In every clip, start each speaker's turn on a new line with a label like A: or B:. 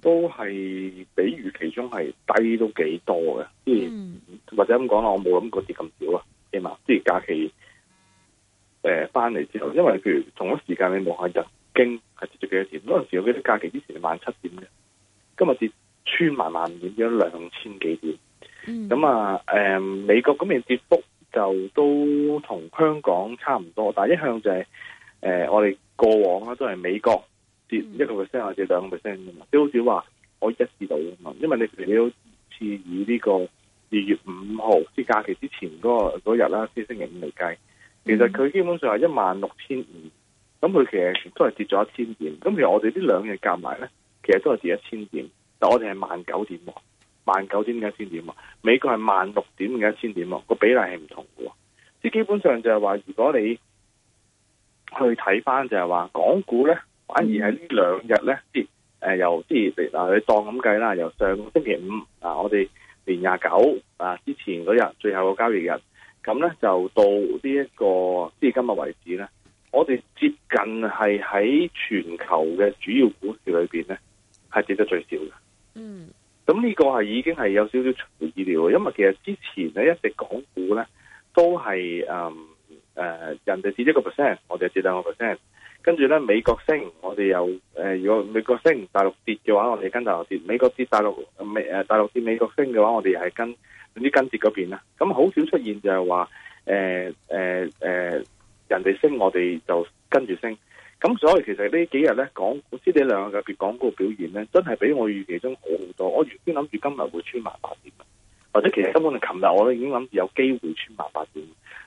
A: 都係比預期中係低都幾多嘅，即係、嗯、或者咁講啦，我冇諗過跌咁少啊，起碼即係假期誒翻嚟之後，因為譬如同一時間你望下日經係跌咗幾多點，嗰陣時我記得假期之前係萬七點嘅，今日跌穿埋萬點咗兩千幾點，咁、嗯、啊誒、呃、美國嗰邊跌幅就都同香港差唔多，但係一向就係、是、誒、呃、我哋過往啦都係美國。一個 percent 或者兩個 percent 啫嘛，你好似話可以一致到嘅嘛，因為你譬如你好似以呢個二月五號即假期之前嗰個日啦，星期五嚟計，其實佢基本上係一萬六千五，咁佢其實都係跌咗一千點，咁譬如我哋呢兩日夾埋咧，其實都係跌一千點，但我哋係萬九點，萬九點嘅一千點，美國係萬六點嘅一千點，個比例係唔同嘅，即係基本上就係話如果你去睇翻就係話港股咧。反而係呢兩日咧，即誒，由即係嗱，你當咁計啦，由上星期五嗱，我哋年廿九啊，之前嗰日最後個交易日，咁咧就到呢、這、一個即係今日為止咧，我哋接近係喺全球嘅主要股市裏邊咧，係跌得最少嘅。嗯，咁呢個係已經係有少少出乎意料了，因為其實之前咧一直港股咧都係誒誒，人哋跌一個 percent，我哋跌兩個 percent。跟住咧，美國升，我哋又誒。如果美國升，大陸跌嘅話，我哋跟大陸跌；美國跌，大陸美、呃、大陸跌，美國升嘅話，我哋又係跟，總之，跟跌嗰邊啦。咁好少出現就係話誒誒人哋升我哋就跟住升。咁所以其實幾呢幾日咧，港股你兩個特別港股表現咧，真係比我預期中好好多。我原先諗住今日會穿萬八點。或者其實根本係，琴日我都已經諗住有機會穿萬八點，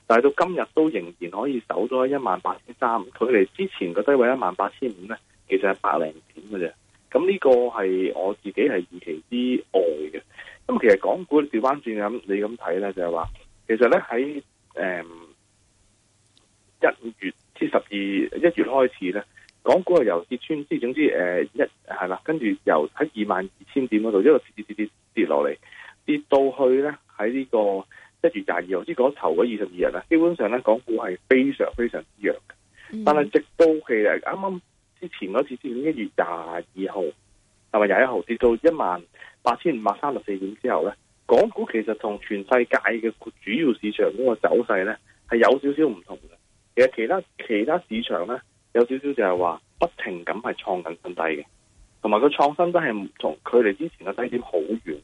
A: 但係到今日都仍然可以守咗一萬八千三。距離之前嘅低位一萬八千五咧，其實係百零點嘅啫。咁呢個係我自己係預期之外嘅。咁其實港股調返轉咁，你咁睇咧就係話，其實咧喺誒一月至十二一月開始咧，港股係由跌穿之，總之誒一係啦，跟住由喺二萬二千點嗰度一路跌跌跌跌跌落嚟。跌到去咧，喺呢個一月廿二號，即個頭嗰二十二日啊，基本上咧，港股係非常非常弱嘅。嗯、但係直到其實啱啱之前嗰次，先一月廿二號同埋廿一號跌到一萬八千五百三十四點之後咧，港股其實同全世界嘅主要市場嗰個走勢咧係有少少唔同嘅。其實其他其他市場咧有少少就係話不停咁係創緊新低嘅，同埋個創新都係唔同，距離之前嘅低點好遠。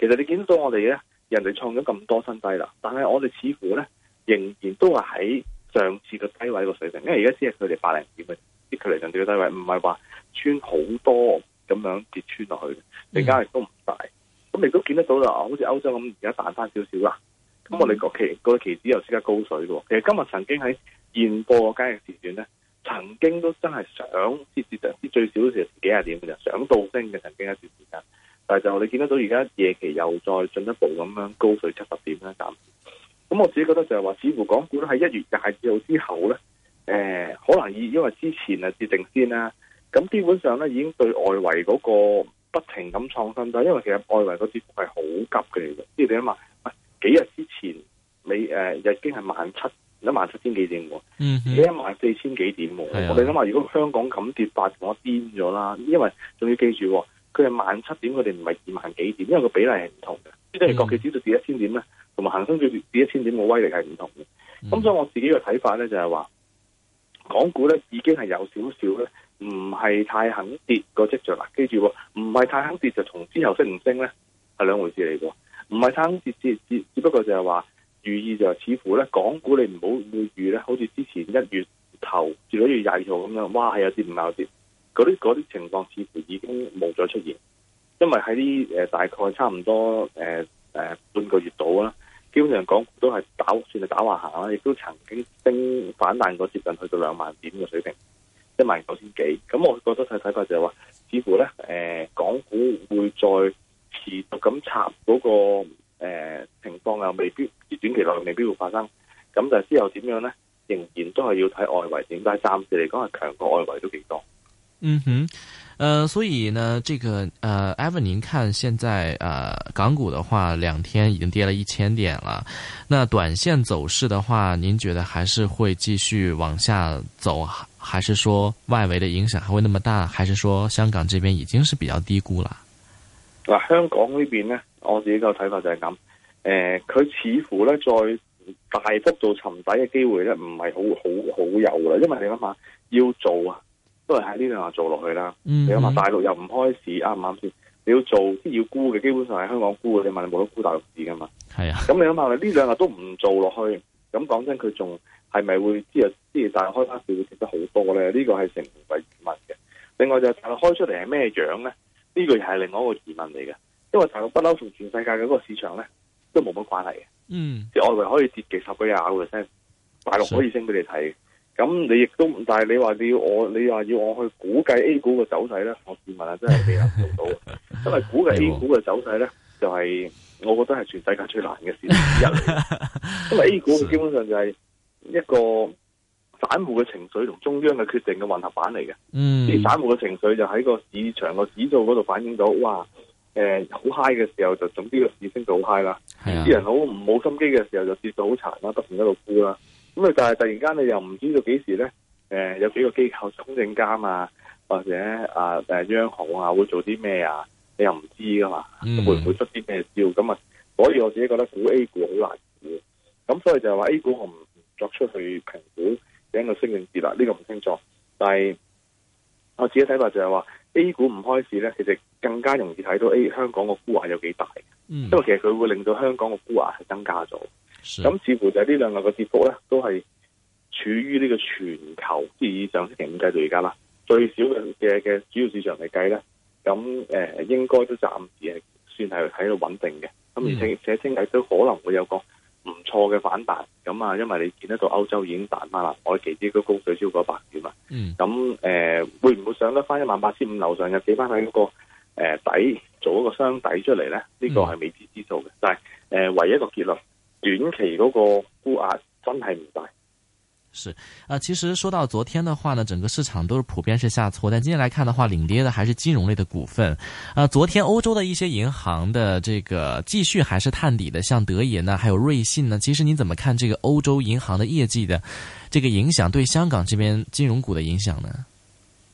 A: 其實你見到我哋咧，人哋創咗咁多新低啦，但係我哋似乎咧仍然都係喺上次嘅低位個水平，因為而家先係佢哋百零點嘅，即佢離上次嘅低位，唔係話穿好多咁樣跌穿落去，啲壓力都唔大。咁你都見得到啦，好似歐洲咁而家彈翻少少啦，咁我哋，嗯、個期個期指，又即刻高水嘅。其實今日曾經喺現播嘅交易時段咧，曾經都真係想跌跌得跌最少嘅時候幾廿點嘅，想到升嘅曾經一段時間。但就我哋見得到，而家夜期又再進一步咁樣高水七十點咧，暫時。咁我自己覺得就係話，似乎港股都喺一月廿號之後咧，誒、呃，可能已因為之前啊跌定先啦。咁基本上咧已經對外圍嗰個不停咁創新啦。因為其實外圍個指數係好急嘅嚟嘅，即係你諗下喂，幾日之前美誒日經係萬七，一萬七千幾點喎。嗯，你一萬四千幾點喎。我哋諗下，如果香港咁跌八，我癲咗啦。因為仲要記住。佢係萬七點，佢哋唔係二萬幾點，因為個比例係唔同嘅。即係、嗯、國企指數跌一千點咧，同埋恒生指數跌一千點嘅威力係唔同嘅。咁、嗯、所以我自己嘅睇法咧就係、是、話，港股咧已經係有少少咧，唔係太肯跌個跡象啦。記住、哦，唔係太肯跌就同之後升唔升咧，係、嗯、兩回事嚟嘅。唔係太肯跌跌跌，只不過就係話預意就係似乎咧，港股你唔好預預咧，好似之前一月頭至到一月廿二號咁樣，哇係有跌唔係有跌。嗰啲啲情況似乎已經冇再出現，因為喺啲誒大概差唔多誒誒、呃呃、半個月度啦，基本上港股都係打算係打橫行啦，亦都曾經升反彈過接近去到兩萬點嘅水平，一萬九千幾。咁、嗯、我覺得睇睇法就係話，似乎咧誒、呃、港股會再持續咁插嗰、那個、呃、情況又未必而短期內未必會發生。咁但係之後點樣咧，仍然都係要睇外圍點解暫時嚟講係強過外圍都幾多。
B: 嗯哼，呃，所以呢，這個，呃，Ivan 您看現在，呃，港股的話，兩天已經跌了一千點了，那短線走勢的話，您覺得還是會繼續往下走，還是說外圍的影響還會那麼大，還是說香港這邊已經是比較低估了
A: 嗱、呃，香港呢邊呢，我自己個睇法就係咁，誒、呃，佢似乎咧再大幅度沉底嘅機會咧，唔係好好好有啦，因為你諗下要做啊。都係喺呢兩日做落去啦。你諗下，大陸又唔開市，啱唔啱先？你要做啲要沽嘅，基本上係香港沽嘅。你問你冇得沽大陸市噶嘛？係啊。咁你諗下，呢兩日都唔做落去，咁講真，佢仲係咪會知之後即係大陸開翻市會跌得好多咧？呢、這個係成為疑問嘅。另外就係大陸開出嚟係咩樣咧？呢、這個又係另外一個疑問嚟嘅。因為大陸不嬲同全世界嘅嗰個市場咧都冇乜關係嘅。嗯、mm，即、hmm。係外圍可以跌幾十幾廿個 percent，大陸可以升俾你睇。咁你亦都唔，但係你話你要我，你話要我去估計 A 股嘅走勢咧，我自問啊真係未諗到，因為 估計 A 股嘅走勢咧， 就係我覺得係全世界最難嘅事之一，因為 A 股基本上就係一個散戶嘅情緒同中央嘅決定嘅混合版嚟嘅，嗯，啲散戶嘅情緒就喺個市場嘅指數嗰度反映到，哇，誒、呃、好 high 嘅時候就總之個市升到好 high 啦，啲、 啊、人好冇心機嘅時候就跌到好殘啦，不停一路沽啦。咁啊！但係突然間你又唔知道幾時咧？誒、呃，有幾個機構、證監監啊，或者啊誒、呃、央行啊，會做啲咩啊？你又唔知㗎嘛？Mm hmm. 會唔會出啲咩招？咁啊，所以我自己覺得估 A 股好難估。咁所以就係話 A 股我唔作出去評估整個升轉跌啦，呢、這個唔清楚。但係我自己睇法就係話，A 股唔開市咧，其實更加容易睇到 A 香港個沽壓有幾大。Mm hmm. 因為其實佢會令到香港個沽壓係增加咗。咁是似乎就係呢兩個嘅跌幅咧，都係處於呢個全球，即係以上星期五計到而家啦。最少嘅嘅主要市場嚟計咧，咁誒、呃、應該都暫時係算係喺度穩定嘅。咁而且寫清計都可能會有個唔錯嘅反彈咁啊，因為你見得到歐洲已經彈翻啦，我哋期指都高水超過百點啊。咁誒、嗯呃、會唔會上得翻一萬八千五樓上嘅？幾番喺嗰個誒底做一個箱底出嚟咧？呢、這個係未知之數嘅，嗯、但係誒、呃、唯一一個結論。短期嗰個估壓真係唔大
B: 是，是啊，其實說到昨天的話呢，整個市場都是普遍是下挫。但今天來看的話，領跌的還是金融類的股份。啊，昨天歐洲的一些銀行的這個繼續還是探底的，像德銀呢，還有瑞信呢。其實你怎麼看這個歐洲銀行的業績的這個影響，對香港這邊金融股的影響呢？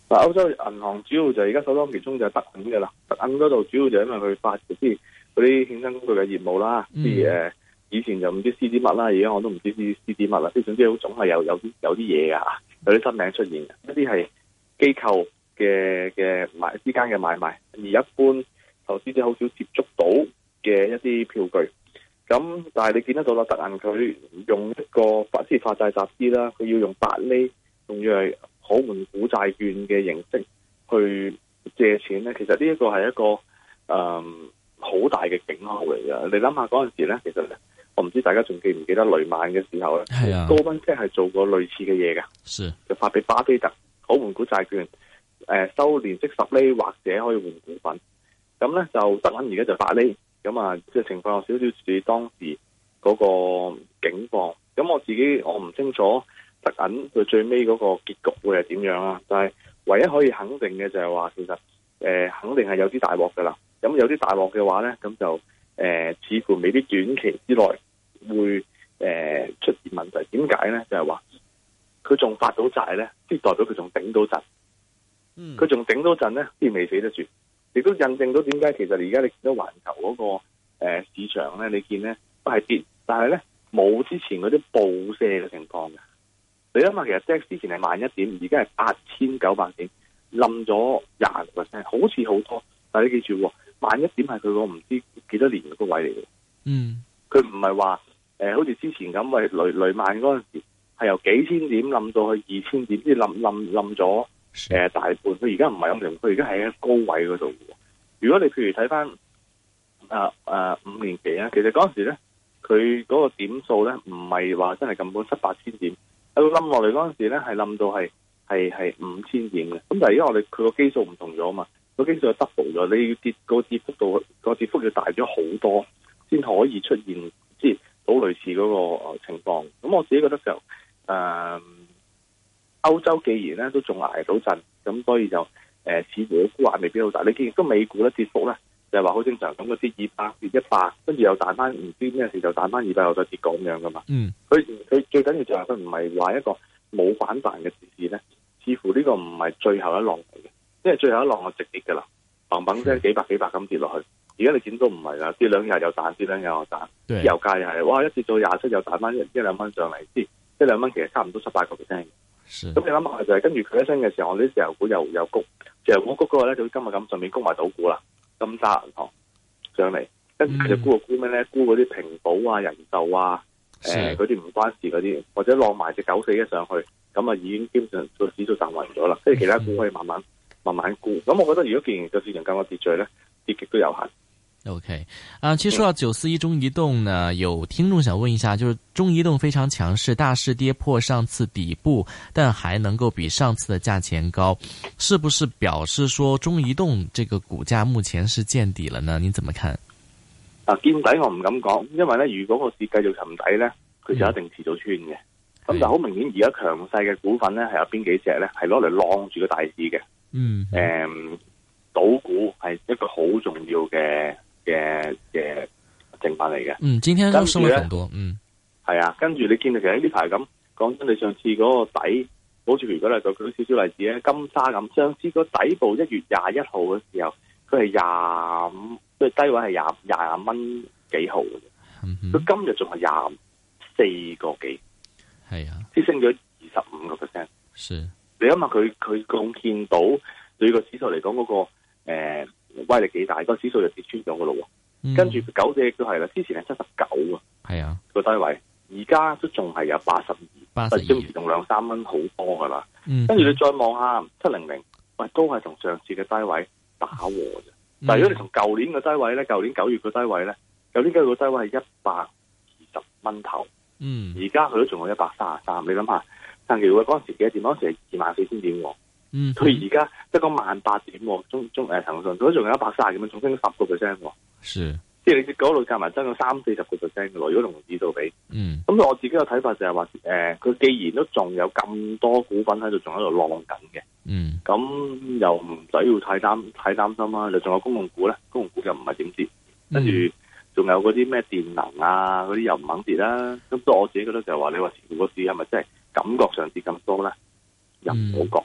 A: 嗱，歐洲銀行主要就係而家首當其衝就係德銀噶啦，德銀嗰度主要就因為佢發啲嗰啲衍生工具嘅業務啦，譬如、嗯以前就唔知獅子乜啦，而家我都唔知獅獅子乜啦。即總之好總係有有啲有啲嘢噶，有啲新名出現嘅一啲係機構嘅嘅買之間嘅買賣，而一般投資者好少接觸到嘅一啲票據。咁但係你見得到啦，突然佢用一個發私發債集資啦，佢要用百厘，仲要係可換股債券嘅形式去借錢咧、嗯。其實呢一個係一個誒好大嘅警號嚟㗎。你諗下嗰陣時咧，其實我唔知大家仲記唔記得雷曼嘅時候咧，是啊、是高盛即係做過類似嘅嘢嘅，就發俾巴菲特，好換股債券，呃、收年息十厘，或者可以換股份。咁咧就德銀而家就發利，咁啊即係情況有少少似當時嗰個景況。咁我自己我唔清楚德銀佢最尾嗰個結局會係點樣啊？就係、是、唯一可以肯定嘅就係話，其實、呃、肯定係有啲大鑊噶啦。咁有啲大鑊嘅話咧，咁就、呃、似乎未必短期之內。會誒、呃、出現問題，點解咧？就係話佢仲發到債咧，即係代表佢仲頂到陣。嗯，佢仲頂到陣咧，先未死得住，亦都印證到點解。其實而家你見到環球嗰、那個誒、呃、市場咧，你見咧都係跌，但係咧冇之前嗰啲爆瀉嘅情況嘅。你諗下，其實 S a x 之前係萬一點，而家係八千九百點，冧咗廿六 percent，好似好多，但你記住，萬、哦、一點係佢個唔知幾多年嘅個位嚟嘅。嗯，佢唔係話，誒，好似、呃、之前咁，喂雷雷曼嗰陣時係由幾千點冧到去二千點，即係冧冧冧咗誒大半。佢而家唔係咁，佢而家喺一個高位嗰度。如果你譬如睇翻啊，啊五年期，其實嗰陣時咧，佢嗰個點數咧唔係話真係咁本七八千點，喺度冧落嚟嗰陣時咧係冧到係係係五千點嘅。咁就係因為我哋佢個基數唔同咗嘛，個基數 double 咗，你要跌個跌幅度個跌幅要大咗好多，先可以出現即係。到類似嗰個情況，咁我自己覺得就誒、嗯、歐洲既然咧都仲挨到陣，咁所以就誒、呃、似乎個沽壓未必好大。你見而家美股咧跌幅咧，就係話好正常，咁佢跌二百跌一百，跟住又彈翻，唔知咩事就彈翻二百，又再跌個咁樣噶嘛。嗯，佢佢最緊要就係佢唔係話一個冇反彈嘅市市咧，似乎呢個唔係最後一浪嚟嘅，因為最後一浪係直跌噶啦，砰砰聲幾百幾百咁跌落去。嗯而家你點都唔係啦，跌兩日又彈，跌兩日又彈，石油價又係，哇！一跌到廿七又彈翻一兩蚊上嚟，即一兩蚊其實差唔多十八個 percent。咁是你諗下就係跟住佢一升嘅時候，我啲石油股又又谷，石油股谷嗰個咧就今日咁順便谷埋到股啦，金沙銀行、哦、上嚟，跟住佢就估個估咩咧？估嗰啲平保啊、人壽啊、誒嗰啲唔關事嗰啲，或者落埋隻九四一上去，咁啊已經基本上個指數賺埋咗啦。即係其他股可以慢慢慢慢估。咁我覺得如果既然個市場咁樣秩序咧，跌極都有限。
B: O、okay. K，啊，其實說到九四一、中移動呢，有聽眾想問一下，就是中移動非常強勢，大市跌破上次底部，但還能夠比上次的價錢高，是不是表示說中移動這個股價目前是見底了呢？你怎麼看？
A: 啊，見底我唔敢講，因為呢，如果個市繼續沉底呢，佢就一定遲早穿嘅。咁就好明顯，而家強勢嘅股份呢，係有邊幾隻呢？係攞嚟晾住個大市嘅。嗯，誒、嗯，賭、嗯、股係一個好重要嘅。嘅嘅成分嚟嘅，嗯，今天都升咗好多，嗯，係啊，跟住你見到其實呢排咁，講真，你上次嗰個底，好似如果嚟做舉少少例子咧，金沙咁，上次個底部一月廿一號嘅時候，佢係廿五，即係低位係廿廿蚊幾毫嘅，佢、嗯、哼今日仲係廿四個幾，係啊，即升咗二十五個 percent，
B: 是，
A: 你諗下佢佢貢獻到對個指數嚟講嗰個誒。呃威力幾大？個指數就跌穿咗個咯喎，跟住九隻都係啦。之前係七十九啊，係啊個低位，而家都仲係有八十二、
B: 八十二，
A: 仲兩三蚊好多噶啦。跟住你再望下七零零，喂都係同上次嘅低位打和啫。嗯、但如果你同舊年嘅低位咧，舊年九月嘅低位咧，舊年九月個低位係一百二十蚊頭，
B: 嗯，
A: 而家佢都仲有一百三十三。你諗下，但係如果嗰時幾多點？嗰時係二萬四千點喎。嗯，佢而家得個萬八點，中中誒騰訊，佢仲有一百卅幾蚊，仲升十個 percent，是，即係你嗰度加埋，增咗三四十個 percent 嘅，如果同指數比，嗯，咁我自己嘅睇法就係、是、話，誒、呃，佢既然都仲有咁多股份喺度，仲喺度浪緊嘅，嗯，咁又唔使要太擔太擔心啦，又仲有公共股咧，公共股又唔係點跌，跟住仲有嗰啲咩電能啊，嗰啲又唔肯跌啦，咁所以我自己覺得就係、是、話，你話如果市係咪真係感覺上跌咁多咧，嗯、又唔好講。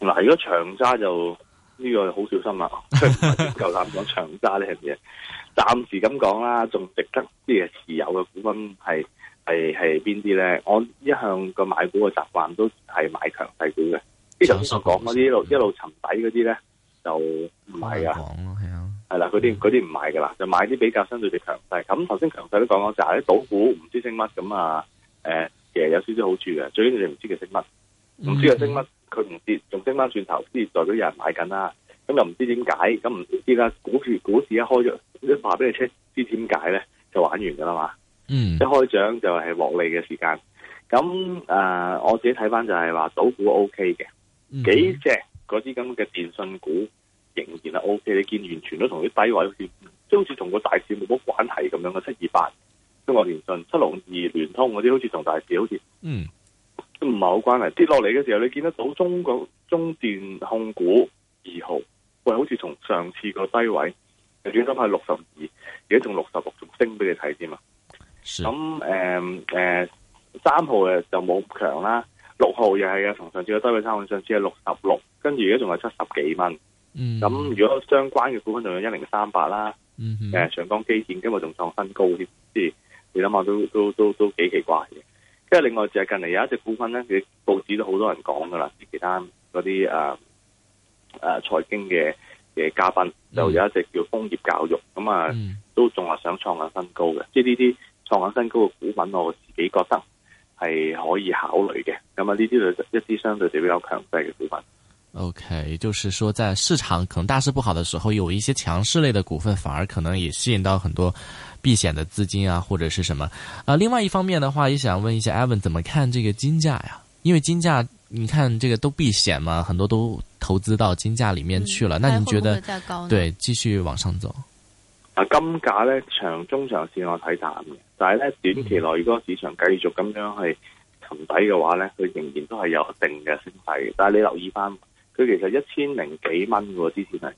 A: 嗱，如果長揸就呢、呢個好小心啊！我唔夠膽講長揸呢樣嘢，暫時咁講啦。仲值得即係持有嘅股份係係係邊啲咧？我一向個買股嘅習慣都係買強勢股嘅。啲頭先所講嗰啲一路行一路沉底嗰啲咧，就唔買噶。係啊，係啦，嗰啲嗰啲唔買噶啦，就買啲比較相對地強勢。咁頭先強勢都講講，就係啲賭股唔知升乜咁啊。誒、呃，其實有少少好處嘅，最緊要你唔知佢升乜，唔、嗯、知佢升乜。佢唔跌，仲升翻轉頭，先代表有人買緊啦。咁又唔知點解，咁唔知啦。股市股市一開咗，一爬俾你車，知點解咧？就玩完噶啦嘛。嗯，一開獎就係獲利嘅時間。咁誒、呃，我自己睇翻就係話，賭股 O K 嘅，幾隻嗰啲咁嘅電信股仍然係 O K。你見完全都同啲低位好似，即好似同個大市冇乜關係咁樣嘅七二八、28，中國電信，七六二聯通嗰啲，好似同大市好似嗯。都唔係好關係，跌落嚟嘅時候，你見得到中國中電控股二號。喂、哎，好似從上次個低位，又轉翻係六十二，而家仲六十六，仲升俾你睇添啊！咁誒誒，三、呃、號誒就冇咁強啦，六號又係啊，從上次個低位三號上次係六十六，跟住而家仲係七十幾蚊。嗯，咁如果相關嘅股份 38,、嗯哼，仲有一零三八啦，誒，長江基建今日仲創新高添，即係你諗下，都都都都幾奇怪嘅。即係另外就係近嚟有一隻股份咧，佢報紙都好多人講噶啦，其他嗰啲誒誒財經嘅嘅嘉賓、嗯、就有一隻叫楓葉教育，咁啊、嗯、都仲話想創新高嘅，即係呢啲創新高嘅股份，我自己覺得係可以考慮嘅。咁啊呢啲就一啲相對比較強勢嘅股份。
B: O K，也就是說，在市場可能大勢不好的時候，有一些強勢類的股份，反而可能也吸引到很多。避險的資金啊，或者是什麼啊？另外一方面的話，也想問一下 Ivan，怎麼看這個金價呀，啊？因為金價，你看這個都避險嘛，很多都投資到金價裏面去了。嗯、那你覺得會唔會對繼續往上走？
A: 啊，金價呢，長中長線我睇淡嘅，但係呢，短期內如果市場繼續咁樣係沉底嘅話呢，佢、嗯、仍然都係有一定嘅升勢。但係你留意翻，佢其實一千零幾蚊嘅喎，之前係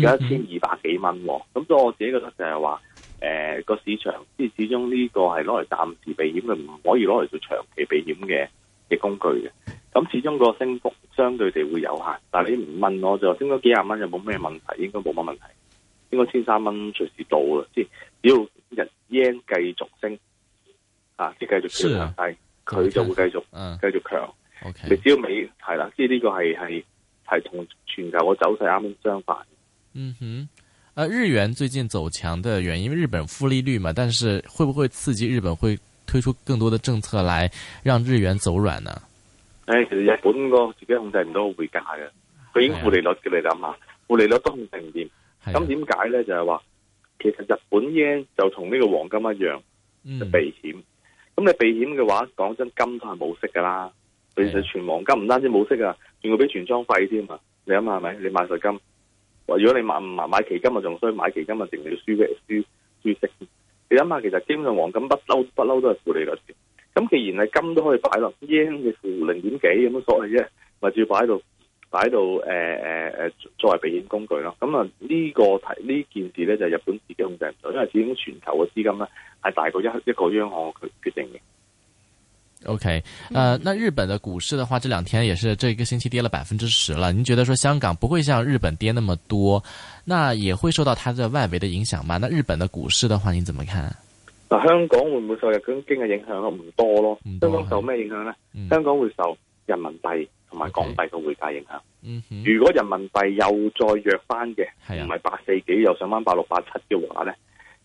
A: 而家一千二百幾蚊，咁所以我自己覺得就係話。誒，個、呃、市場即係始終呢個係攞嚟暫時避險嘅，唔可以攞嚟做長期避險嘅嘅工具嘅。咁始終個升幅相對地會有限，但係你唔問我就，升咗幾廿蚊有冇咩問題？應該冇乜問題，應該千三蚊隨時到啦。即係只要日 yen 繼續升，啊，即係繼續強，係佢、啊、就會繼續繼續強。你、okay, uh, okay. 只要美係啦，即係呢個係係係同全球個走勢啱啱相反。嗯哼。
B: 日元最近走強的原因，因為日本負利率嘛，但是會不會刺激日本會推出更多的政策來讓日元走軟呢？
A: 其實日本個自己控制唔到匯價嘅，佢已經負利率叫你諗下，負利率都控制唔掂。咁點解呢？就係話，其實日本嘢就同呢個黃金一樣，嗯、避險。咁你避險嘅話，講真的金都係冇息噶啦。其實存黃金唔、啊、單止冇息啊，仲要俾存倉費添啊。你諗下係咪？你買台金？如果你買唔買基金啊，仲要買基金啊，定要輸嘅輸輸息。你諗下，其實基本上黃金不嬲不嬲都係負利率嘅。咁既然啊金都可以擺落，圓嘅負零點幾咁樣所謂啫，咪照擺喺度擺喺度誒誒誒作為避險工具咯。咁啊呢個題呢件事咧就係日本自己控制唔到，因為始終全球嘅資金咧係大過一一個央行嘅決定嘅。
B: O.K.，呃，那日本的股市的話，這兩天也是這個星期跌了百分之十了。您覺得說香港不會像日本跌那麼多，那也會受到它在外圍的影響嗎？那日本的股市的話，你怎麼看？
A: 嗱、啊，香港會唔會受日本經濟影響？唔多咯，香港受咩影響呢？嗯、香港會受人民幣同埋港幣嘅匯價影響。Okay, 嗯、如果人民幣又再弱翻嘅，係啊、哎呀，唔係八四幾又上翻八六八七嘅話呢，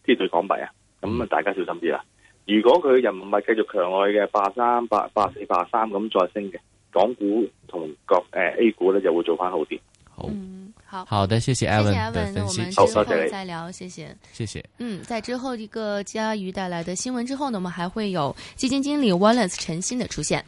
A: 即係對港幣啊，咁啊大家小心啲啦。嗯如果佢人民幣繼續強落去嘅，八三、八八四、八三咁再升嘅，港股同各誒 A 股咧就會做翻好啲。好，好
C: 好
B: 的，謝謝艾文嘅分析，好，再聊，謝謝，謝謝。嗯，
C: 在之後一個嘉瑜帶來的新聞之後呢，我們還會有基金經理 Wallace 陳欣的出現。